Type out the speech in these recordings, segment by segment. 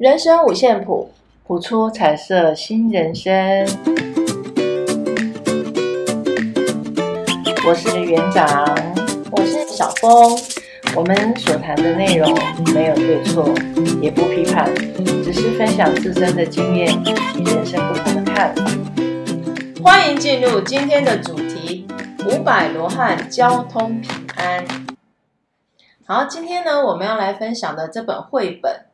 人生五線譜，譜出彩色新人生。我是園長，我是小峰。我們所談的內容沒有對錯，也不批判，只是分享自身的經驗與人生不同的看法。歡迎進入今天的主題：五百羅漢交通平安。好，今天呢，我們要來分享的這本繪本。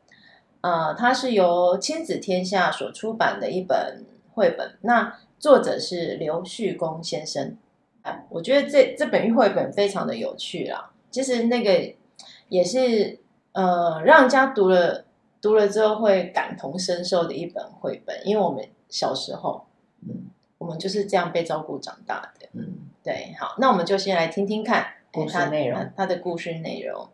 呃，它是由親子天下所出版的一本繪本，那作者是劉旭公先生。啊，我覺得這這本繪本非常的有趣啦，其實那個也是呃，讓人家讀了讀了之後會感同身受的一本繪本，因為我們小時候，嗯，我們就是這樣被照顧長大的。嗯，對，好，那我們就先來聽聽看，欸，故事內容，他，啊，他的故事內容。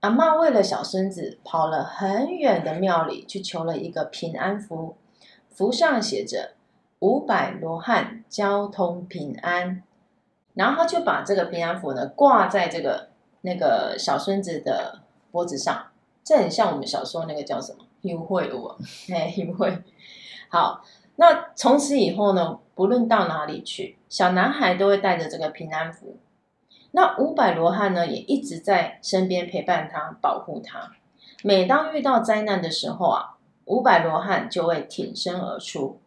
阿嬤為了小孫子跑了很遠的廟裡去求了一個平安符，符上寫着“五百羅漢交通平安”，然後他就把這個平安符呢掛在這個那個小孫子的脖子上，這很像我們小時候那個叫什麼？優惠了哇？哎，優惠。好，那從此以後呢，不論到哪裡去，小男孩都會帶着這個平安符。那五百羅漢呢，也一直在身邊陪伴他、保護他。每當遇到災難的時候啊，五百羅漢就會挺身而出。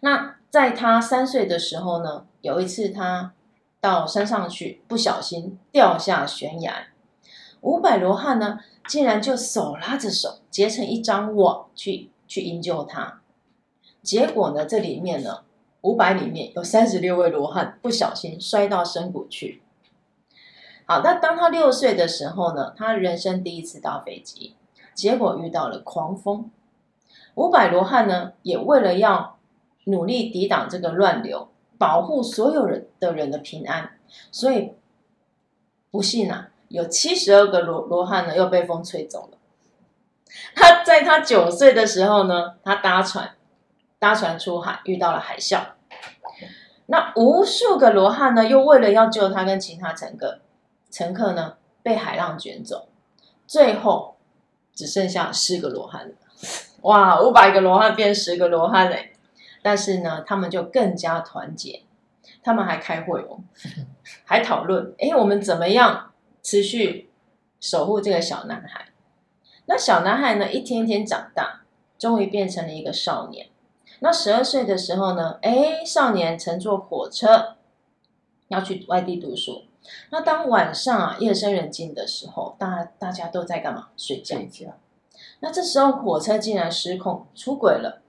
那在他三歲的時候呢，有一次他到山上去，不小心掉下懸崖，五百羅漢呢，竟然就手拉着手結成一張網去去營救他。結果呢，這裡面呢，五百裡面有三十六位羅漢不小心摔到深谷去。好，那當他六歲的時候呢，他人生第一次搭飛機，結果遇到了狂風。五百羅漢呢，也為了要努力抵擋這個亂流，保護所有人的人的平安，所以不幸啊，有七十二個羅羅漢呢，又被風吹走了。他在他九歲的時候呢，他搭船搭船出海，遇到了海嘯，那無數個羅漢呢，又為了要救他跟其他乘客。乘客呢，被海浪捲走，最後只剩下十個羅漢了。哇，五百個羅漢變十個羅漢哎！但是呢，他們就更加團結，他們還開會哦，還討論，哎，我們怎麼樣持續守護這個小男孩？那小男孩呢，一天一天長大，終於變成了一個少年。那十二歲的時候呢，哎，少年乘坐火車要去外地讀書。那當晚上啊，夜深人靜的時候，大大家都在幹嘛？睡覺。那這時候火車竟然失控，出軌了。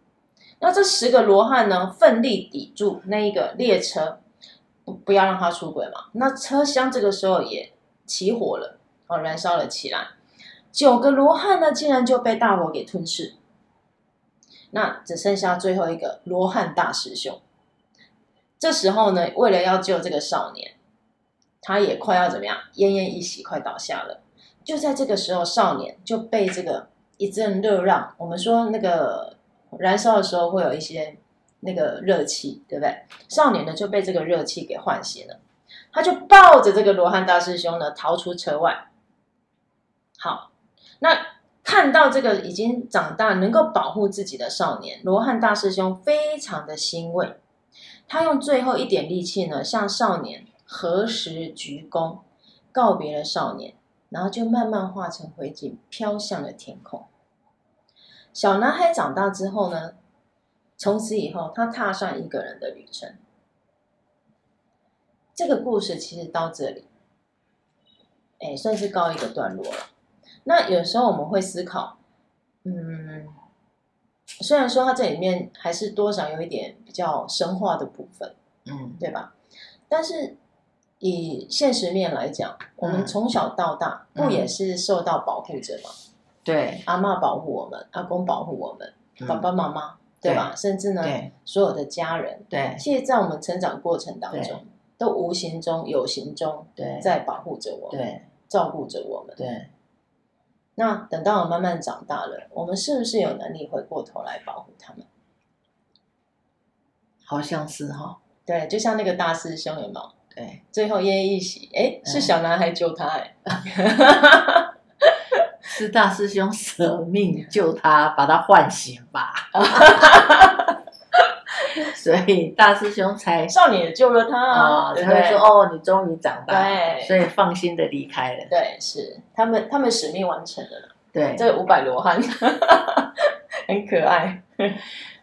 那這十個羅漢呢，奮力抵住那一個列車，不，不要讓他出軌嘛。那車廂這個時候也起火了，哦，燃燒了起來。九個羅漢呢，竟然就被大火給吞噬。那只剩下最後一個羅漢大師兄。這時候呢，為了要救這個少年。他也快要怎麼樣，奄奄一息，快倒下了。就在這個時候，少年就被這個一陣熱浪，我們說那個燃燒的時候會有一些那個熱氣，對不對？少年呢，就被這個熱氣給喚醒了，他就抱着這個羅漢大師兄呢，逃出車外。好，那看到這個已經長大能夠保護自己的少年，羅漢大師兄非常的欣慰，他用最後一點力氣呢，向少年。何時鞠躬，告別了少年，然後就慢慢化成灰燼，飄向了天空。小男孩長大之後呢，從此以後，他踏上一個人的旅程。這個故事其實到這裡，哎、欸，算是告一個段落了。那有時候我們會思考，嗯，雖然說他這裡面還是多少有一點比較神話的部分，嗯，對吧？但是。以現實面來講，我們從小到大不也是受到保護着嗎？對，阿嬤保護我們，阿公保護我們，爸爸媽媽，對吧？甚至呢，所有的家人，對，其實在我們成長過程當中，都無形中、有形中在保護着我們，照顧着我們。對，那等到我慢慢長大了，我們是不是有能力回過頭來保護他們？好像是哈，對，就像那個大師兄，有沒有？對，最後奄奄一息。哎，是小男孩救他，哎、嗯， 是大師兄舍命救他， 把他喚醒吧。 所以大師兄才少年也救了他啊。他們、哦、說：“對對哦，你終於長大，對所以放心的離開了。”對，是他們，他們使命完成了。對，這五百羅漢 很可愛。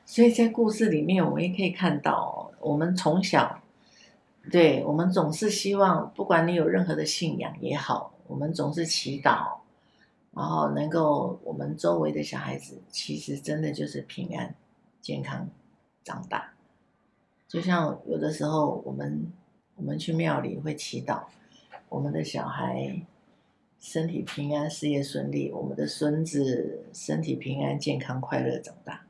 所以在故事裡面，我們也可以看到，我們從小。對，我們總是希望，不管你有任何的信仰也好，我們總是祈禱，然後能夠我們周圍的小孩子其實真的就是平安、健康長大。就像有的時候我們我們去廟裡會祈禱，我們的小孩身體平安、事業順利，我們的孫子身體平安、健康快樂長大。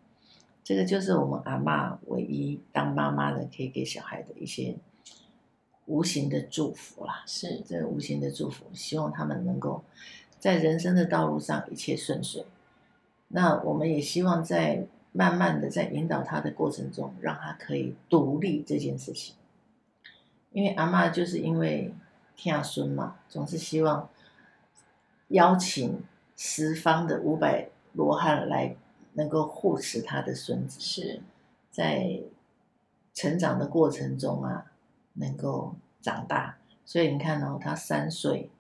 這個就是我們阿嬤唯一當媽媽的可以給小孩的一些。無形的祝福啦、啊，是這個無形的祝福，希望他們能夠在人生的道路上一切順遂。那我們也希望在慢慢的在引導他的過程中，讓他可以獨立這件事情。因為阿嬤就是因為疼孫嘛，總是希望邀請十方的五百羅漢來能夠護持他的孫子，是在成長的過程中啊。能夠長大，所以你看到、哦、他三歲、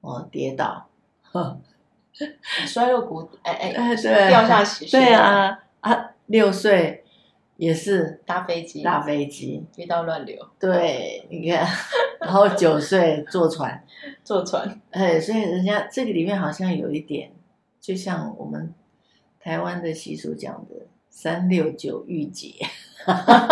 哦，跌倒，嗯、摔落骨，哎、欸、哎，對、欸，欸、是是掉下溪水、啊，對啊啊，六歲也是大飛機搭飛機，搭飛機遇到亂流，對，你看，然後九歲坐船， 坐船，哎、欸，所以人家這個裡面好像有一點，就像我們台灣的習俗講的“三六九遇劫”。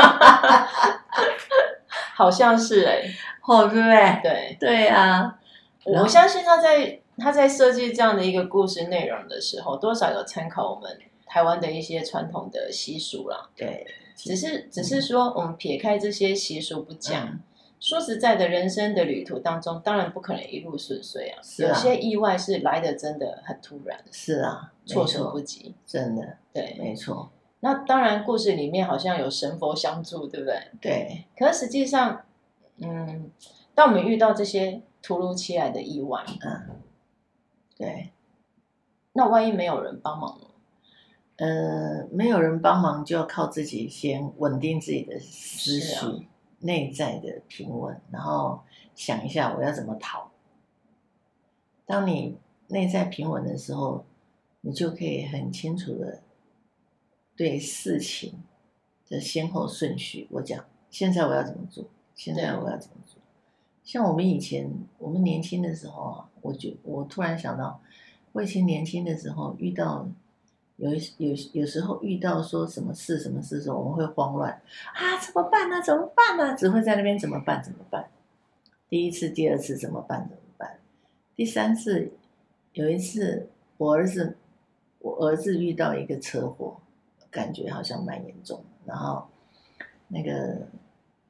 好像是哎、欸，好、oh, right. 對對對啊！我相信他在他在設計這樣的一個故事內容的時候，多少有參考我們台灣的一些傳統的習俗啦、啊。對，只是只是說我們撇開這些習俗不講，嗯、說實在的，人生的旅途當中，當然不可能一路順遂啊，啊有些意外是來得真的很突然，是啊，措手不及，真的對，沒錯。那當然，故事裡面好像有神佛相助，對不對？對。可實際上，嗯，當我們遇到這些突如其來的意外，嗯、啊，對，那萬一沒有人幫忙呢？呃，沒有人幫忙就要靠自己先穩定自己的思緒，啊、內在的平穩，然後想一下我要怎麼逃。當你內在平穩的時候，你就可以很清楚的。對事情的先後順序，我講，現在我要怎麼做？現在我要怎麼做？像我們以前，我們年輕的時候啊，我就我突然想到，我以前年輕的時候遇到有有有時候遇到說什麼事什麼事的時候，我們會慌亂啊，怎麼辦呢、啊？怎麼辦呢、啊？只會在那邊怎麼辦？怎麼辦？第一次、第二次怎麼辦？怎麼辦？第三次，有一次我兒子，我兒子遇到一個車禍。感覺好像蠻嚴重，然後那個，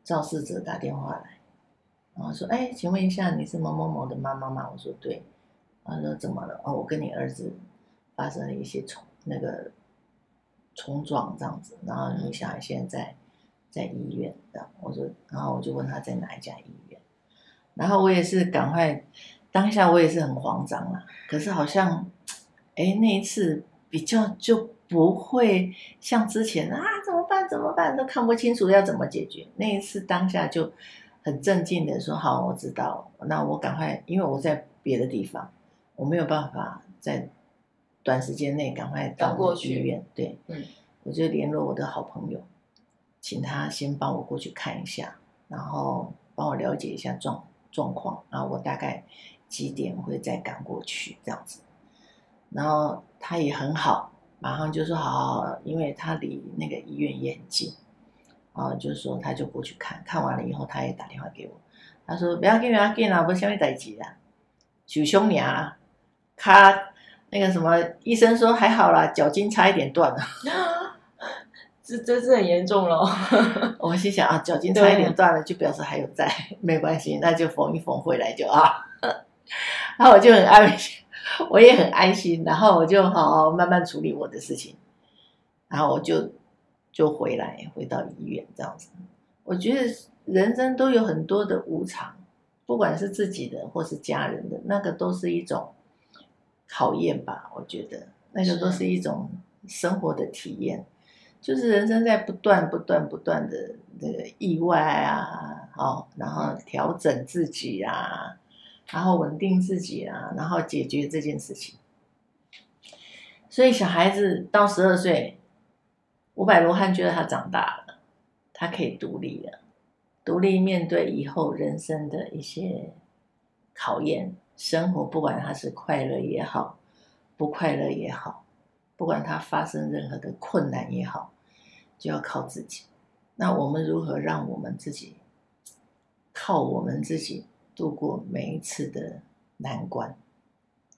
肇事者打電話來，然後說：“哎，請問一下，你是某某某的媽媽嗎？”我說：“對。”他說：“怎麼了？哦，我跟你兒子發生了一些衝那個衝撞這樣子，然後你小孩現在在，在醫院，這樣，我說：“然後我就問他在哪一家醫院。”然後我也是趕快，當下我也是很慌張了。可是好像，哎，那一次比較就。不會像之前啊，怎麼辦？怎麼辦？都看不清楚，要怎麼解決？那一次當下就很鎮靜的說：“好，我知道，那我趕快，因為我在別的地方，我沒有辦法在短時間內趕快到過去醫院。對，嗯，我就聯絡我的好朋友，請他先幫我過去看一下，然後幫我了解一下狀狀況，然後我大概幾點會再趕過去這樣子。然後他也很好。”然後就說好、哦，因為他離那個醫院也很近，然後就說他就過去看，看完了以後，他也打電話給我，他說不要緊不要緊啦，不下面在一起。啦，兄胸啊，他、啊、那個什麼醫生說還好啦，腳筋差一點斷了，這真是很嚴重了。 我心想啊，腳筋差一點斷了，就表示還有在，啊、沒關係，那就縫一縫回來就啊，然後我就很安慰。我也很安心，然後我就好好慢慢處理我的事情，然後我就就回來回到醫院這樣子。我覺得人生都有很多的無常，不管是自己的或是家人的，那個都是一種考驗吧。我覺得那個都是一種生活的體驗，就是人生在不斷不斷不斷的這個意外啊，哦，然後調整自己啊。然後穩定自己啊，然後解決這件事情。所以小孩子到十二歲，五百羅漢覺得他長大了，他可以獨立了，啊，獨立面對以後人生的一些考驗。生活不管他是快樂也好，不快樂也好，不管他發生任何的困難也好，就要靠自己。那我們如何讓我們自己靠我們自己？度過每一次的難關，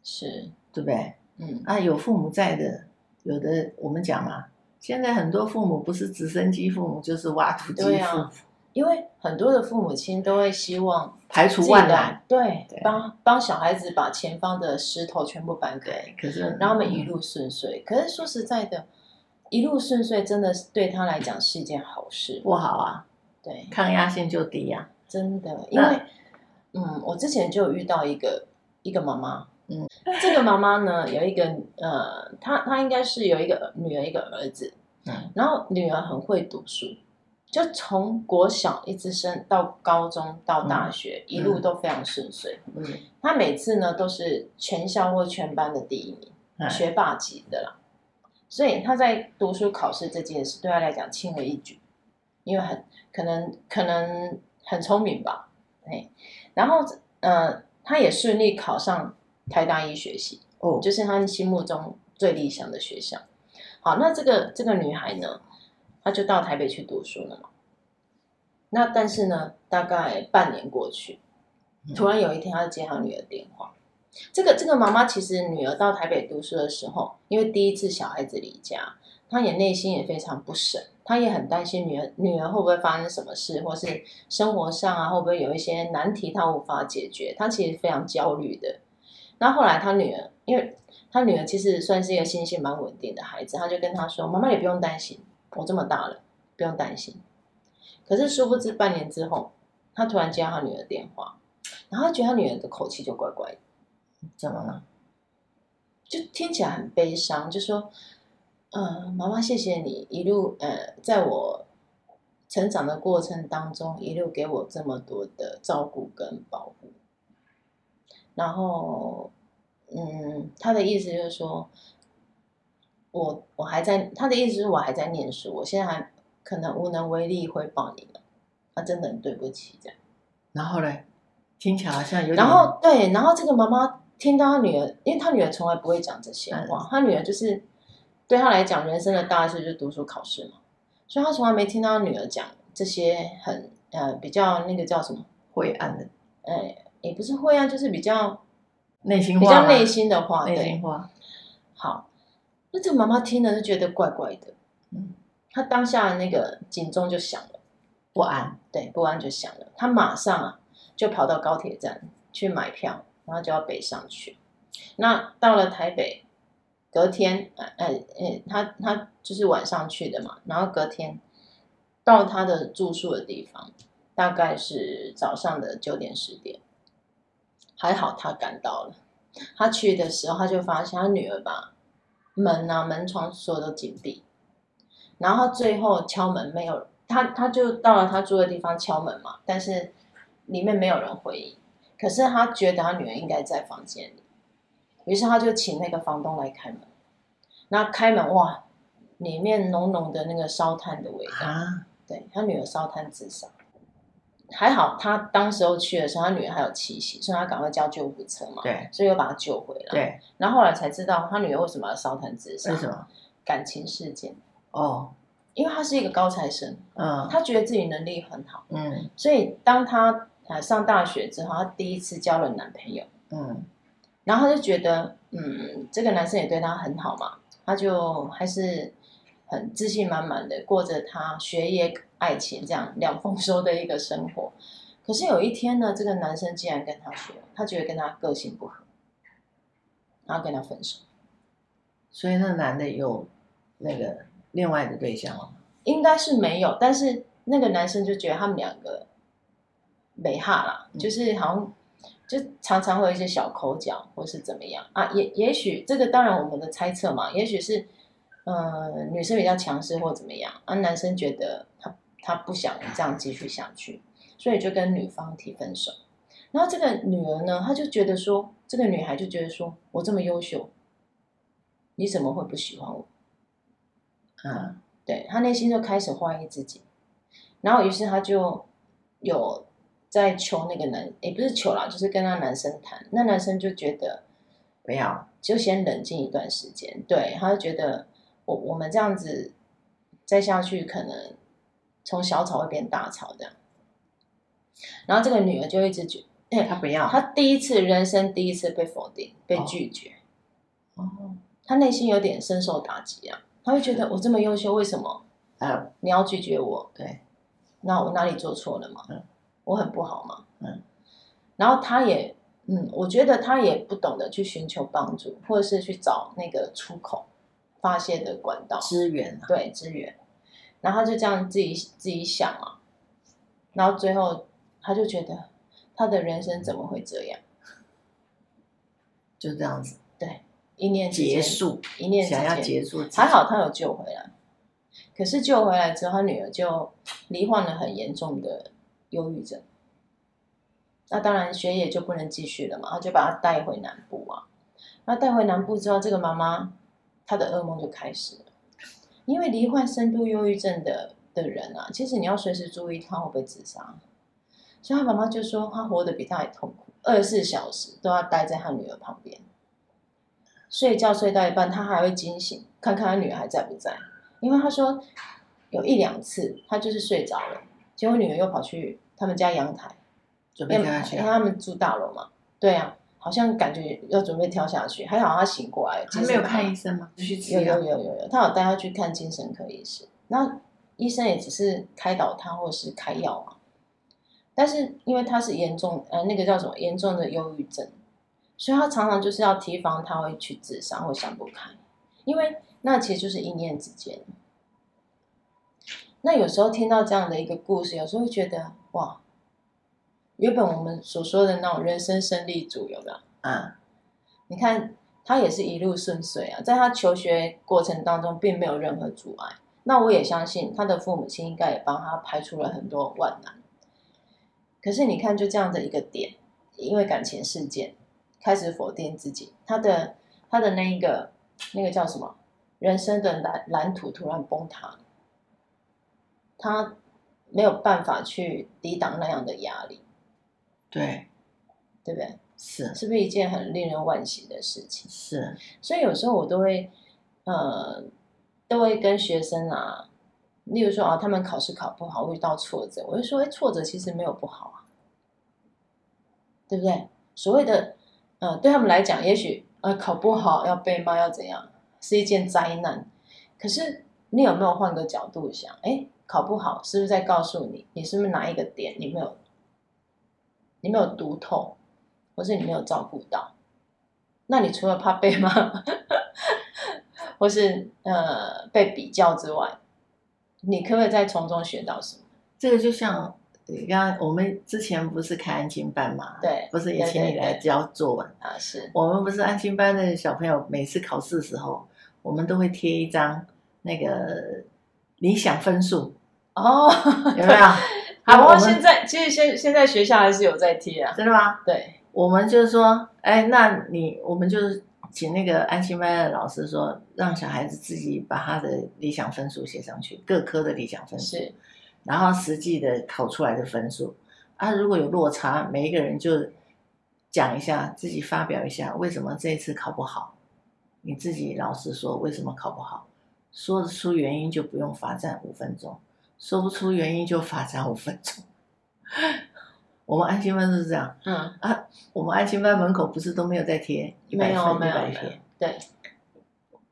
是，對不對？嗯啊，有父母在的，有的我們講嘛，現在很多父母不是直升機父母，就是挖土機父母，因為很多的父母親都會希望排除萬難，對，幫幫小孩子把前方的石頭全部搬給，可是讓他們一路順遂。可是說實在的，一路順遂真的是對他來講是一件好事，不好啊，對，抗壓性就低呀，真的，因為。嗯，我之前就遇到一個一個媽媽，嗯，這個媽媽呢有一個呃，她她應該是有一個女兒一個兒子，嗯，然後女兒很會讀書，就從國小一直升到高中到大學，嗯，一路都非常順遂，嗯，她每次呢都是全校或全班的第一名，學霸級的啦，嗯，所以她在讀書考試這件事對她來講輕而易舉，因為很可能可能很聰明吧。然後呃，他也順利考上台大醫學系，哦、嗯，就是他心目中最理想的學校。好，那這個這個女孩呢，她就到台北去讀書了嘛。那但是呢，大概半年過去，突然有一天，她接到女兒電話。嗯、這個這個媽媽其實女兒到台北讀書的時候，因為第一次小孩子離家，她也內心也非常不舍。他也很擔心女兒，女兒會不會發生什麼事，或是生活上啊，會不會有一些難題他無法解決，他其實非常焦慮的。然後後來他女兒，因為他女兒其實算是一個心性蠻穩定的孩子，他就跟他說：“媽媽，你不用擔心，我這麼大了，不用擔心。”可是殊不知半年之後，他突然接到他女兒電話，然後他覺得他女兒的口氣就怪怪的，怎麼了？就聽起來很悲傷，就說。嗯，媽媽，謝謝你一路呃，在我成長的過程當中，一路給我這麼多的照顧跟保護。然後，嗯，他的意思就是說，我我還在，他的意思是，我還在念書，我現在還可能無能為力回報你們，他、啊、真的很對不起這樣。然後嘞，聽起來好像有點，然後對，然後這個媽媽聽到她女兒，因為她女兒從來不會講這些話，她、嗯、女兒就是。對他來講，人生的大事就是讀書考試嘛，所以他從來沒聽到女兒講這些很呃比較那個叫什麼灰暗的，呃、欸、也不是灰暗，啊，就是比較內心比較內心的話，內心話。好，那這個媽媽聽了就覺得怪怪的，嗯，她當下那個警鐘就響了，不安，對，不安就響了，她馬上，啊，就跑到高鐵站去買票，然後就要北上去，那到了台北。隔天，哎哎他他就是晚上去的嘛，然後隔天到他的住宿的地方，大概是早上的九點十點，還好他趕到了。他去的時候，他就發現他女兒把門吶、啊、門窗所有都緊閉，然後最後敲門沒有，他他就到了他住的地方敲門嘛，但是裡面沒有人回應，可是他覺得他女兒應該在房間裡。於是他就請那個房東來開門，那開門哇，裡面濃濃的那個燒炭的味道。啊，對，他女兒燒炭自殺，還好他當時候去的時候，他女兒還有氣息，所以他趕快叫救護車嘛。對，所以又把他救回來。對，然後後來才知道他女兒為什麼要燒炭自殺？是什麼？感情事件。哦，因為他是一個高材生，嗯，他覺得自己能力很好，嗯，所以當他啊上大學之後，他第一次交了男朋友，嗯。然後他就覺得，嗯，這個男生也對他很好嘛，他就還是很自信滿滿的過着他學業、愛情這樣兩豐收的一個生活。可是有一天呢，這個男生竟然跟他說，他覺得跟他個性不合，然後跟他分手。所以那男的有那個另外的對象嗎？哦？應該是沒有，但是那個男生就覺得他們兩個沒哈啦，就是好像。就常常會有一些小口角，或是怎麼樣啊？也也許這個當然我們的猜測嘛，也許是，嗯，女生比較強勢，或怎麼樣啊？男生覺得他他不想這樣繼續下去，所以就跟女方提分手。然後這個女兒呢，她就覺得說，這個女孩就覺得說我這麼優秀，你怎麼會不喜歡我？啊，對，她內心就開始懷疑自己，然後於是她就有。在求那個男，也、欸、不是求啦，就是跟那男生談，那男生就覺得不要，就先冷靜一段時間。對，他就覺得我我們這樣子再下去，可能從小草會變大草這樣。然後這個女兒就一直覺得，哎、欸，他不要，他第一次人生第一次被否定，被拒絕，哦，他內心有點深受打擊啊。他會覺得我這麼優秀，為什麼啊？你要拒絕我？對，那我哪裡做錯了嗎？啊我很不好嘛，嗯，然後他也，嗯，我覺得他也不懂得去尋求幫助，或者是去找那個出口、發泄的管道、支援啊，對，支援。然後他就這樣自己自己想啊，然後最後他就覺得他的人生怎麼會這樣？就這樣子，對，一念結束，一念想要結束，還好他有救回來。可是救回來之後，他女兒就罹患了很嚴重的。憂鬱症，那當然學業就不能繼續了嘛，他就把她帶回南部啊。那帶回南部之後，這個媽媽她的噩夢就開始了，因為罹患深度憂鬱症的的人啊，其實你要隨時注意她會不會自殺。所以她媽媽就說，她活得比她還痛苦，二十四小時都要待在她女兒旁邊，睡覺睡到一半，她還會驚醒，看看他女兒還在不在。因為她說有一兩次，她就是睡着了，結果女兒又跑去。他們家陽台，準備跳下去，他們住大樓嘛？對啊，好像感覺要準備跳下去，還好他醒過來。還沒有看醫生嗎？有有有有有，他有帶他去看精神科醫師，那醫生也只是開導他或是開藥啊。但是因為他是嚴重，呃，那個叫什麼嚴重的憂鬱症，所以他常常就是要提防他會去自殺或想不開，因為那其實就是一念之間。那有時候聽到這樣的一個故事，有時候會覺得。哇，原本我們所說的那種人生勝利組有沒有啊？你看他也是一路順遂啊，在他求學過程當中並沒有任何阻礙。那我也相信他的父母親應該也幫他排除了很多萬難。可是你看，就這樣的一個點，因為感情事件開始否定自己，他的他的那一個那個叫什麼人生的藍藍圖突然崩塌，他。沒有辦法去抵擋那樣的壓力，對，對不對？是，是不是一件很令人惋惜的事情？是，所以有時候我都會，呃，都會跟學生啊，例如說啊，他們考試考不好，遇到挫折，我就說，哎，挫折其實沒有不好啊，對不對？所謂的，嗯、呃，對他們來講，也許啊，考不好要被罵要怎樣，是一件災難，可是你有沒有換個角度想，哎？考不好是不是在告訴你，你是不是哪一個點你沒有，你沒有讀透，或是你沒有照顧到？那你除了怕被罵， 或是呃被比較之外，你可不可以再從中學到什麼？這個就像你剛剛，我們之前不是開安親班嘛，對，不是以前你來教作文完啊，是我們不是安親班的小朋友每次考試的時候，我們都會貼一張那個。理想分數哦，有沒有？好對，不過現在其實現現在學校還是有在貼啊。真的嗎？對，我們就是說，哎，那你我們就是請那個安心班的老師說，讓小孩子自己把他的理想分數寫上去，各科的理想分數。是。然後實際的考出來的分數啊，如果有落差，每一個人就講一下，自己發表一下為什麼這一次考不好，你自己老實說為什麼考不好。說得出原因就不用罰站五分鐘，說不出原因就罰站五分鐘。 我們安親班都是這樣，嗯啊，我們安親班門口不是都沒有在貼一百分，沒有一百分沒有。對，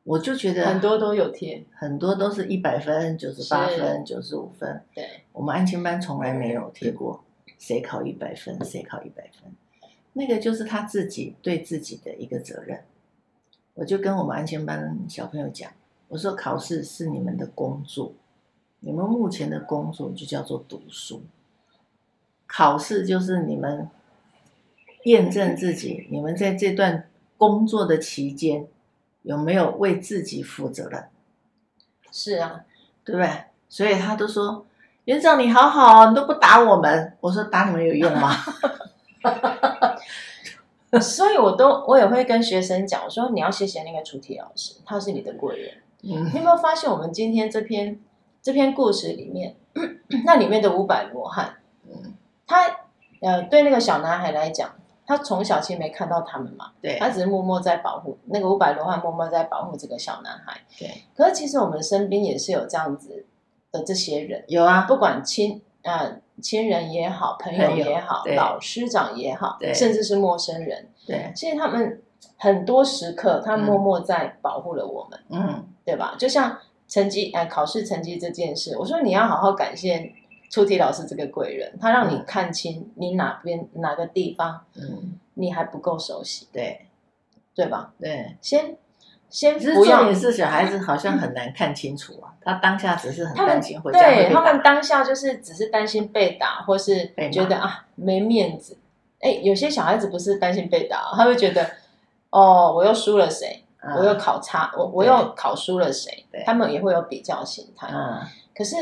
我就覺得很多都有貼，啊，很多都是一百分、九十八分、九十五分。對，我們安親班從來沒有貼過誰考一百分，誰對考一百分，那個就是他自己對自己的一個責任。我就跟我們安親班的小朋友講。我說考試是你們的工作，你們目前的工作就叫做讀書，考試就是你們驗證自己，你們在這段工作的期間有沒有為自己負責任？是啊，對不對？所以他都說院長你好好，你都不打我們。我說打你們有用嗎？ 所以我都我也會跟學生講，我說你要謝謝那個出題老師，他是你的貴人。嗯、你有沒有發現，我們今天這篇這篇故事裡面， 那裡面的五百羅漢，他呃對那個小男孩來講，他從小其實沒看到他們嘛，對，他只是默默在保護那個五百羅漢，默默在保護這個小男孩。對，可是其實我們身邊也是有這樣子的這些人，有啊、嗯，不管親啊、呃、親人也好，朋友也好，老師長也好，對甚至是陌生人，對，其實他們。很多時刻，他默默在保護了我們，嗯，嗯對吧？就像成績，哎、欸，考試成績這件事，我說你要好好感謝出題老師這個貴人，他讓你看清你哪邊哪個地方，嗯，你還不夠熟悉，嗯、對，對吧？對，先先不用，是你小孩子好像很難看清楚啊，嗯、他當下只是很擔心會被他們，對他們當下就是只是擔心被打，或是覺得罵啊沒面子。哎、欸，有些小孩子不是擔心被打，他會覺得。哦，我又輸了誰？我又考差，我我又考輸了誰？他們也會有比較心態。可是，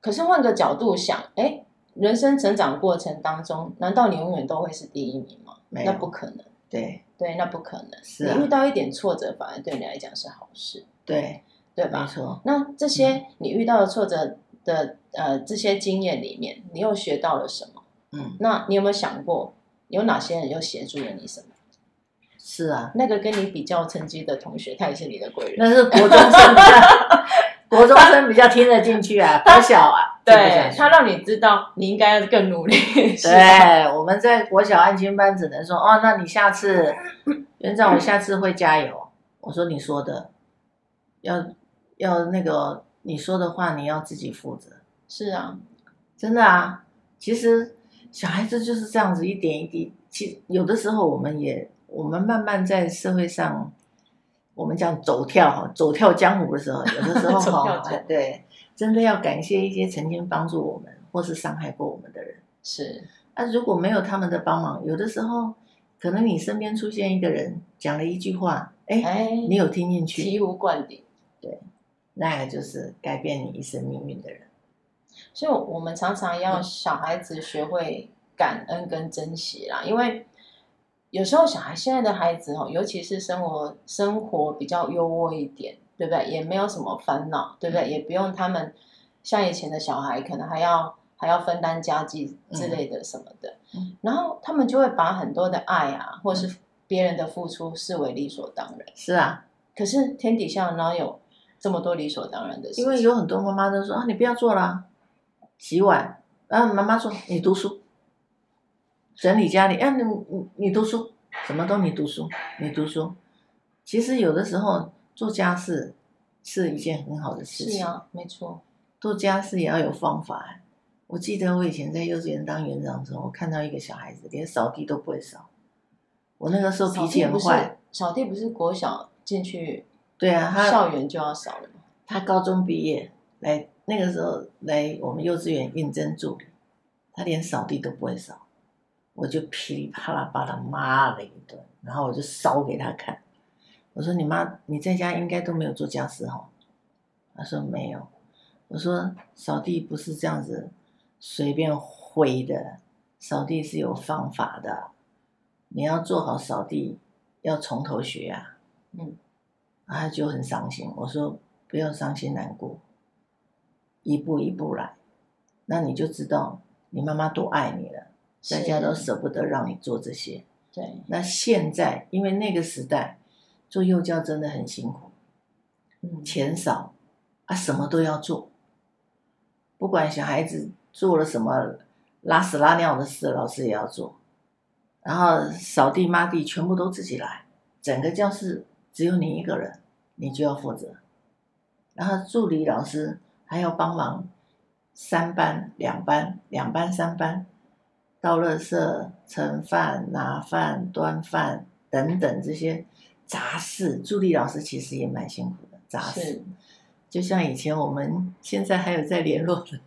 可是換個角度想，哎，人生成長過程當中，難道你永遠都會是第一名嗎？沒有，那不可能。對對，那不可能。你遇到一點挫折，反而對你來講是好事。對，對吧？沒錯。那這些你遇到的挫折的呃這些經驗裡面，你又學到了什麼？嗯，那你有沒有想過，有哪些人又協助了你什麼？是啊，那個跟你比較成績的同學，他也是你的貴人。那是國中生比較， 國中生比較聽得進去啊，國他小啊。對，想想他讓你知道你應該要更努力。對，我們在國小安親班只能說哦，那你下次，園長，我下次會加油。 我說你說的，要要那個你說的話，你要自己負責。是啊，真的啊，其實小孩子就是這樣子一點一滴，其實有的時候我們也。我們慢慢在社會上，我們講走跳哈，走跳江湖的時候，有的時候哈， 走跳對，真的要感謝一些曾經幫助我們或是傷害過我們的人。是，那、啊、如果沒有他們的幫忙，有的時候可能你身邊出現一個人講了一句話，誒哎，你有聽進去？醍醐灌頂。對，那個就是改變你一生命運的人。所以，我們常常要小孩子學會感恩跟珍惜啦，嗯、因為。有時候小孩，現在的孩子哦，尤其是生活生活比較優渥一點，對不對？也沒有什麼煩惱，對不對？嗯、也不用他們像以前的小孩，可能還要還要分擔家計之類的什麼的。嗯、然後他們就會把很多的愛啊，或是別人的付出視為理所當然。是啊、嗯，可是天底下哪有這麼多理所當然的事情？因為有很多媽媽都說啊，你不要做啦，洗碗，然後媽媽說你讀書。整理家裡，哎、啊，你你你讀書，什麼都你讀書，你讀書。其實有的時候做家事是一件很好的事情。是啊，沒錯。做家事也要有方法。我記得我以前在幼稚園當園長的時候，我看到一個小孩子連掃地都不會掃。我那個時候脾氣很壞。掃地，地不是國小進去？對啊，他校園就要掃了嘛。他高中畢業來那個時候來我們幼稚園應徵助理，他連掃地都不會掃。我就噼里啪啦把他罵了一頓，然後我就掃給他看。我說：“你媽，你在家應該都沒有做家事哈，哦？”他說：“沒有。”我說：“掃地不是這樣子隨便揮的，掃地是有方法的，你要做好掃地，要從頭學啊。”嗯，他就很傷心。我說：“不要傷心難過，一步一步來，那你就知道你媽媽多愛你了。”大家都捨不得讓你做這些。對，那現在因為那個時代，做幼教真的很辛苦，嗯，錢少，啊，什麼都要做，不管小孩子做了什麼，拉屎拉尿的事，老師也要做，然後掃地、抹地全部都自己來，整個教室只有你一個人，你就要負責，然後助理老師還要幫忙，三班、兩班、兩班、三班。到了社，盛飯、拿飯、端飯等等這些雜事，助理老師其實也蠻辛苦的。雜事，是就像以前我們，現在還有在聯絡的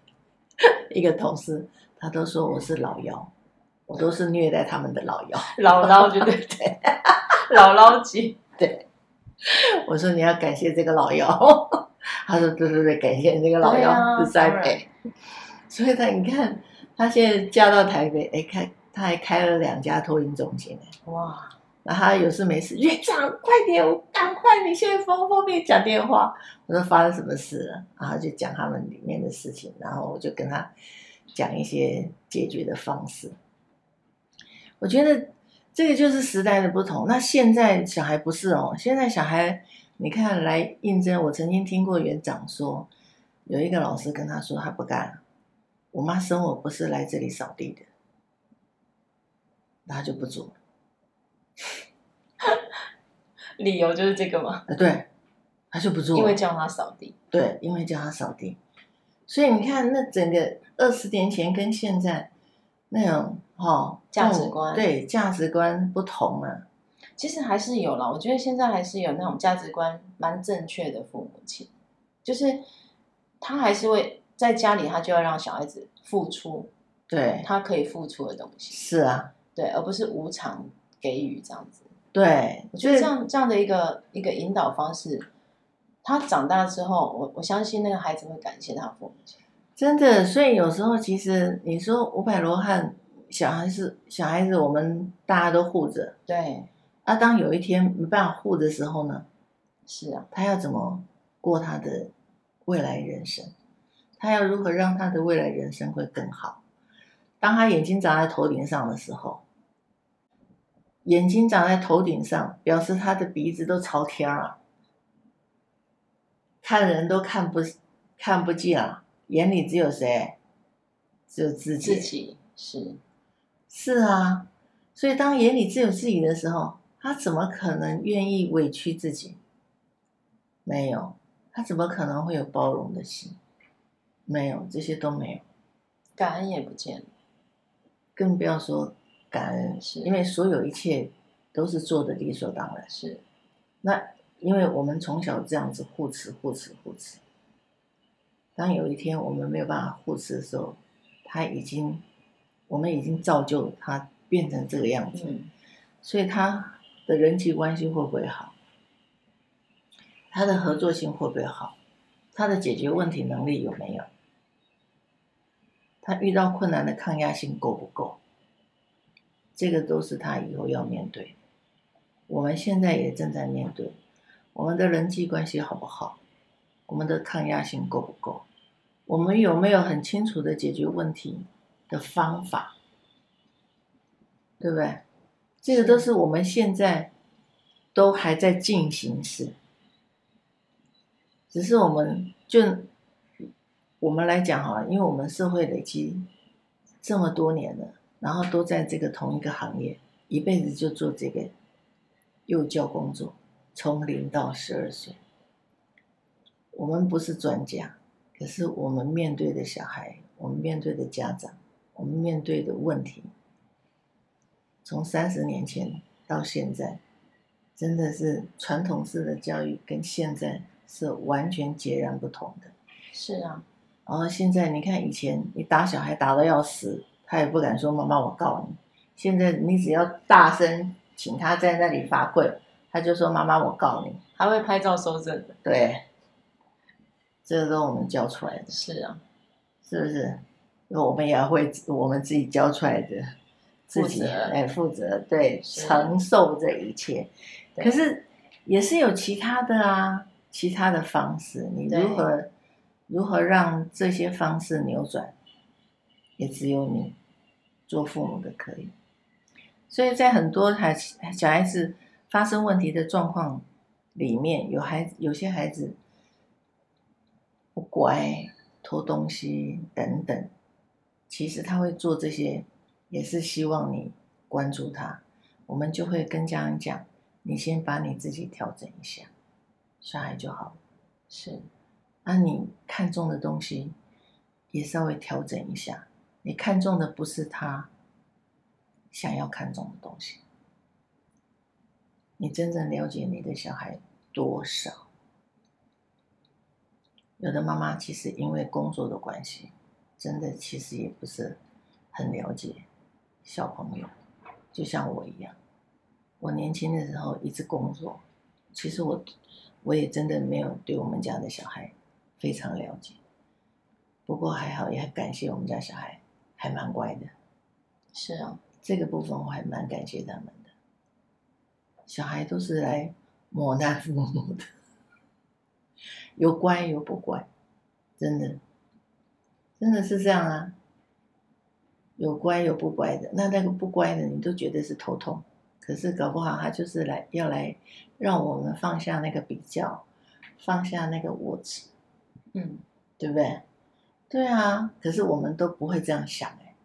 一個同事，他都說我是老妖，嗯、我都是虐待他們的老妖。老妖，去對對？老撈去， 對。我說你要感謝這個老妖，他說對對對，感謝你這個老妖。的栽培。然所以他你看。他現在嫁到台北，哎、欸，開他還開了兩家托嬰中心，哇！然後他有事沒事，園長快點，趕快，你現在方不方便講電話？我說發生什麼事了？然後就講他們裡面的事情，然後我就跟他講一些解決的方式。我覺得這個就是時代的不同。那現在小孩不是哦，現在小孩，你看來應徵，我曾經聽過園長說，有一個老師跟他說，他不幹了。我媽生我不是來這裡掃地的，那她就不做。 理由就是這個嗎？呃、對，她就不做，因為叫她掃地。對，因為叫她掃地，所以你看那整個二十年前跟現在那種哦價值觀，對，價值觀不同嘛、啊。其實還是有了，我覺得現在還是有那種價值觀蠻正確的父母親，就是他還是會。在家裡，他就要讓小孩子付出，對，他可以付出的東西。是啊，對，而不是無償給予這樣子。對，我覺得這樣這樣的一個一個引導方式，他長大之後，我我相信那個孩子會感謝他父母親。真的，所以有時候其實你說五百羅漢，小孩子小孩子，我們大家都護着，對。啊，當有一天沒辦法護的時候呢？是啊，他要怎麼過他的未來人生？他要如何讓他的未來人生會更好？當他眼睛長在頭頂上的時候，眼睛長在頭頂上，表示他的鼻子都朝天了，啊，看人都看不看不見了，啊，眼裡只有誰？只有自己。自己，是。是啊，所以當眼裡只有自己的時候，他怎麼可能願意委屈自己？沒有，他怎麼可能會有包容的心？沒有，這些都沒有，感恩也不見了，更不要說感恩，是因為所有一切都是做的理所當然。是，那因為我們從小這樣子互持、互持、互持，當有一天我們沒有辦法互持的時候，他已經，我們已經造就他變成這個樣子，嗯、所以他的人際關係會不會好？他的合作性會不會好？他的解決問題能力有沒有？他遇到困難的抗壓性夠不夠？這個都是他以後要面對的。我們現在也正在面對，我們的人際關係好不好？我們的抗壓性夠不夠？我們有沒有很清楚的解決問題的方法？對不對？這個都是我們現在都還在進行時，只是我們就。我們來講哈，因為我們社會累積這麼多年了，然後都在這個同一個行業，一輩子就做這個幼教工作，從零到十二歲。我們不是專家，可是我們面對的小孩，我們面對的家長，我們面對的問題，從三十年前到現在，真的是傳統式的教育跟現在是完全截然不同的。是啊。然後、哦、現在你看，以前你打小孩打得要死，他也不敢說媽媽我告你。現在你只要大聲請他在那裡罰跪，他就說媽媽我告你，他會拍照收證的。對，這些都我們教出來的。是啊，是不是？我們也要會我們自己教出來的，自己來負，責、哎、負責，對，的承受這一切。對可是也是有其他的啊，嗯、其他的方式，你如何？如何讓這些方式扭轉，也只有你做父母的可以。所以在很多孩子、小孩子發生問題的狀況裡面，有孩子有些孩子不乖、偷東西等等，其實他會做這些，也是希望你關注他。我們就會跟家人講：“你先把你自己調整一下，小孩就好了。”是。那、啊、你看中的東西，也稍微調整一下。你看重的不是他想要看重的東西，你真正了解你的小孩多少？有的媽媽其實因為工作的關係，真的其實也不是很了解小朋友，就像我一樣，我年輕的時候一直工作，其實我我也真的沒有對我們家的小孩。非常了解，不過還好，也很感謝我們家小孩，還蠻乖的。是啊、哦，這個部分我還蠻感謝他們的。小孩都是來磨難父母的， 有乖有不乖，真的，真的是這樣啊。有乖有不乖的，那那個不乖的，你都覺得是頭痛，可是搞不好他就是來要來讓我們放下那個比較，放下那個物質。嗯，對不對？對啊，可是我們都不會這樣想哎，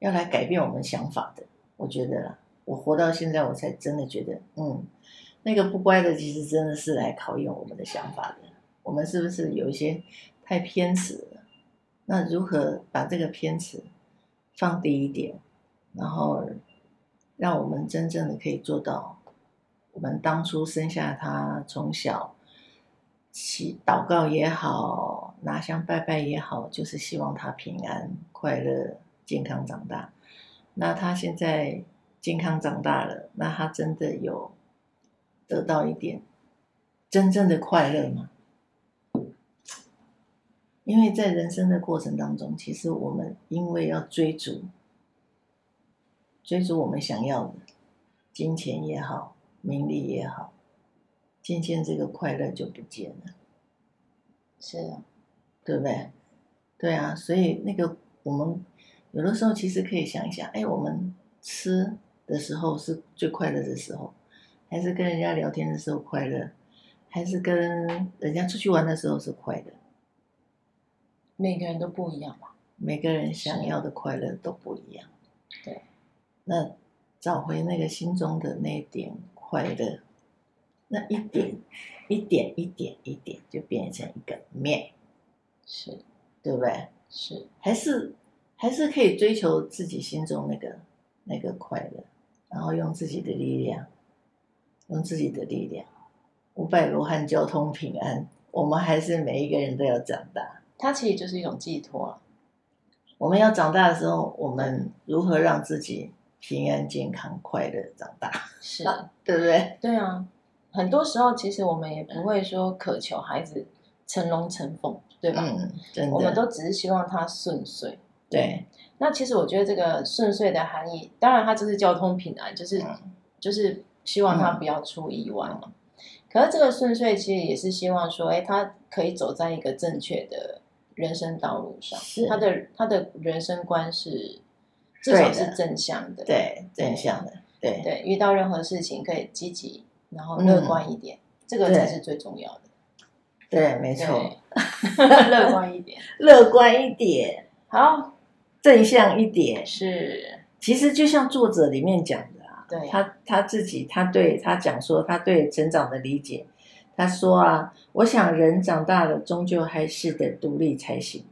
要來改變我們想法的，我覺得啦，我活到現在，我才真的覺得，嗯，那個不乖的，其實真的是來考驗我們的想法的。我們是不是有一些太偏執了？那如何把這個偏執放低一點，然後讓我們真正的可以做到，我們當初生下他，從小。祈禱告也好，拿香拜拜也好，就是希望他平安、快樂、健康長大。那他現在健康長大了，那他真的有得到一點真正的快樂嗎？因為在人生的過程當中，其實我們因為要追逐，追逐我們想要的，金錢也好，名利也好。漸漸這個快樂就不見了，是啊，對不對？對啊，所以那個我們有的時候其實可以想一想，哎，我們吃的時候是最快樂的時候，還是跟人家聊天的時候快樂，還是跟人家出去玩的時候是快樂？每個人都不一樣嘛，每個人想要的快樂都不一樣，對。是啊，那找回那個心中的那一點快樂。那一點，一點，一點，一點，就變成一個面，是，對不對？是，還是，還是可以追求自己心中那個，那個快樂，然後用自己的力量，用自己的力量，五百羅漢交通平安。我們還是每一個人都要長大，它其實就是一種寄託啊。我們要長大的時候，我們如何讓自己平安、健康、快樂長大？是， 對不對？對啊。很多時候，其實我們也不會說渴求孩子成龍成鳳，對吧？嗯，我們都只是希望他順遂。對，對那其實我覺得這個順遂的含義，當然它就是交通平安，就是、嗯、就是希望他不要出意外嘛、啊。嗯、可是這個順遂其實也是希望說，哎、欸，他可以走在一個正確的人生道路上，是他的他的人生觀是至少是正向的，對，正向的，對對，遇到任何事情可以積極。然後樂觀一點，嗯，這個才是最重要的。對，沒錯，對 樂觀一點，樂觀一點，好，正向一點。是。其實就像作者裡面講的啊，對啊。他他自己，他對他講說，他對成長的理解，他說啊，哇我想人長大了，終究還是得獨立才行。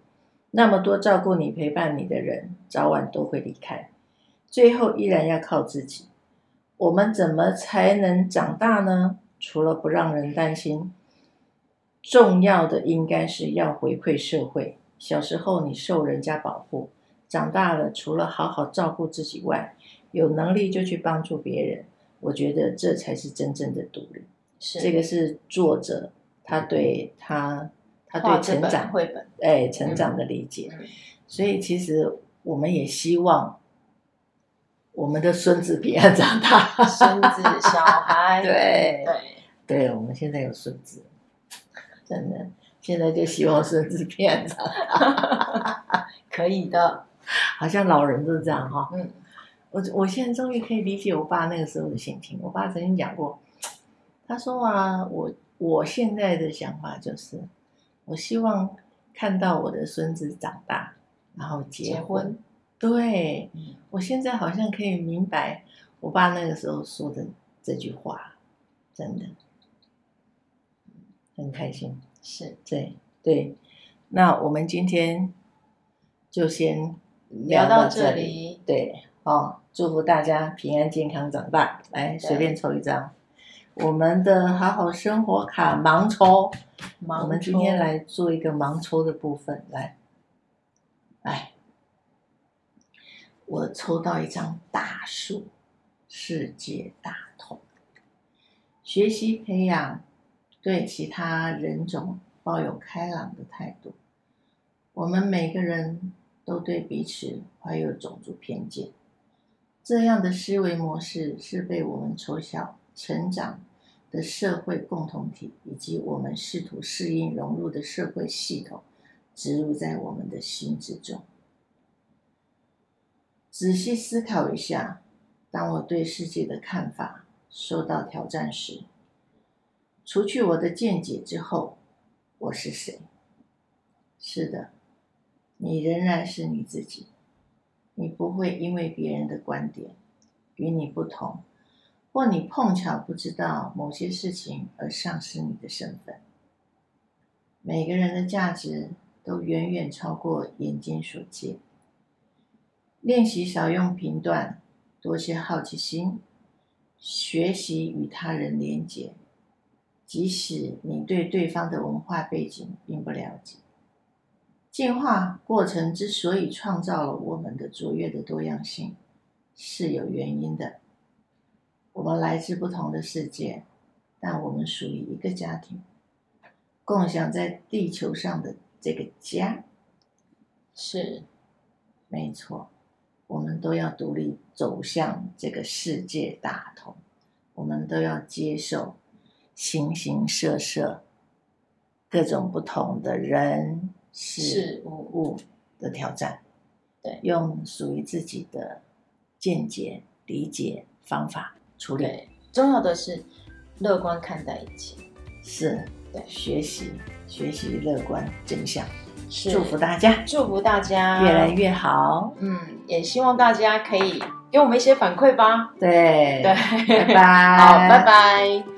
那麼多照顧你、陪伴你的人，早晚都會離開，最後依然要靠自己。我們怎麼才能長大呢？除了不讓人擔心，重要的應該是要回饋社會。小時候你受人家保護，長大了除了好好照顧自己外，有能力就去幫助別人。我覺得這才是真正的獨立。是這個是作者他對他、嗯、他對成長、哎、成長的理解，嗯、所以其實我們也希望。我們的孫子平安長大，孫子小孩 對對對，我們現在有孫子，真的，現在就希望孫子變大， 可以的，好像老人都是這樣哈。嗯，我我現在終於可以理解我爸那個時候的心情。我爸曾經講過，他說啊，我我現在的想法就是，我希望看到我的孫子長大，然後結婚。對，我現在好像可以明白我爸那個時候說的這句話，真的很開心。是，對對。那我們今天就先聊到這裡。這裡對，好，哦，祝福大家平安健康長大。來，隨便抽一張對我們的好好生活卡盲抽。盲抽。我們今天來做一個盲抽的部分，來，來。我抽到一張大樹，世界大同。學習培養對其他人種抱有開朗的態度。我們每個人都對彼此懷有種族偏見，這樣的思維模式是被我們從小成長的社會共同體，以及我們試圖適應融入的社會系統，植入在我們的心之中。仔細思考一下，當我對世界的看法受到挑戰時，除去我的見解之後，我是誰？是的，你仍然是你自己，你不會因為別人的觀點與你不同，或你碰巧不知道某些事情而喪失你的身份。每個人的價值都遠遠超過眼睛所見。練習少用評斷，多些好奇心，學習與他人連接，即使你對對方的文化背景並不了解。進化過程之所以創造了我們的卓越的多樣性，是有原因的。我們來自不同的世界，但我們屬於一個家庭，共享在地球上的這個家。是，沒錯。我們都要獨立走向這個世界大同，我們都要接受形形色色、各種不同的人事物物的挑戰。對，用屬於自己的見解、理解方法處理。重要的是樂觀看待一切。是，對，學習學習樂觀真相。是，祝福大家，祝福大家越來越好。嗯，也希望大家可以給我們一些反饋吧。對對，對，拜拜，好，拜拜。